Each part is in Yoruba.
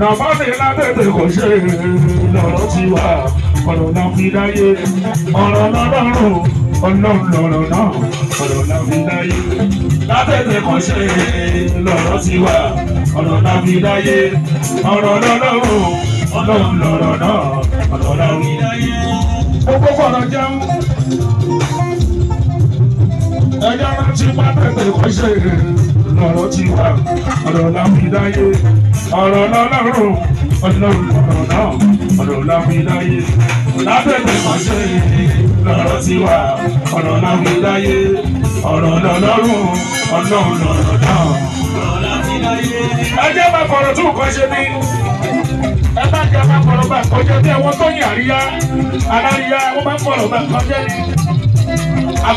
nàbá mi lábẹ́tẹ̀ kò ṣe lọ́rọ̀ ti wà ọ̀rọ̀ náà fi dáyé ọ̀rọ̀ náà lọ́rùn ọlọ́run lọ́rọ̀ náà ọ̀rọ̀ náà fi dáyé lábẹ́tẹ̀ kò ṣe lọ́rọ̀ ti wà ọ̀rọ̀ náà fi dáyé ọ̀rọ̀ náà lọ́rùn ọlọ́run lọ́rọ̀ náà ọ̀rọ̀ náà fi dáyé. gbogbo kọ̀ọ̀rọ̀ jẹun ẹ̀yà rántí pátákó lọ́rọ̀ ti ta ọ̀rọ̀ lámìláyé ọ̀rọ̀ lọ́lọ́run ọlọ́run ọ̀rọ̀ náà ọ̀rọ̀ lámìláyé lábẹ́bẹ̀ pàṣẹ lọ́rọ̀ ti wà ọ̀rọ̀ lámìláyé ọ̀rọ̀ lọ́lọ́run ọlọ́run ọ̀rọ̀ náà ọ̀rọ̀ lámìláyé. ẹ jẹ́ bá kọ̀rọ̀ tún kọ́ ṣe ní ẹ bá jẹ́ bá kọ̀rọ̀ bá kọjá bí ẹ̀wọ̀n tó yàn àríyá aláríyá ó bá kọ̀rọ̀ bá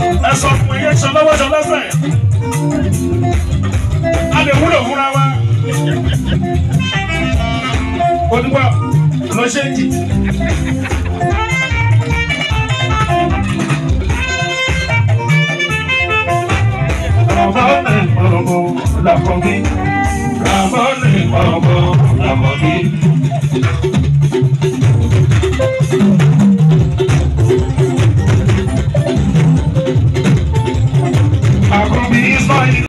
ẹ sọ fún iye ṣan lọ́wọ́ ṣan lẹ́sẹ̀ a lè wúlò fúnra wa onígbà lọ ṣe ń jì. Ramọ́nì pọ̀rọ̀mọ́ làkọ́bí. Ramọ́nì pọ̀rọ̀mọ́ làkọ́bí.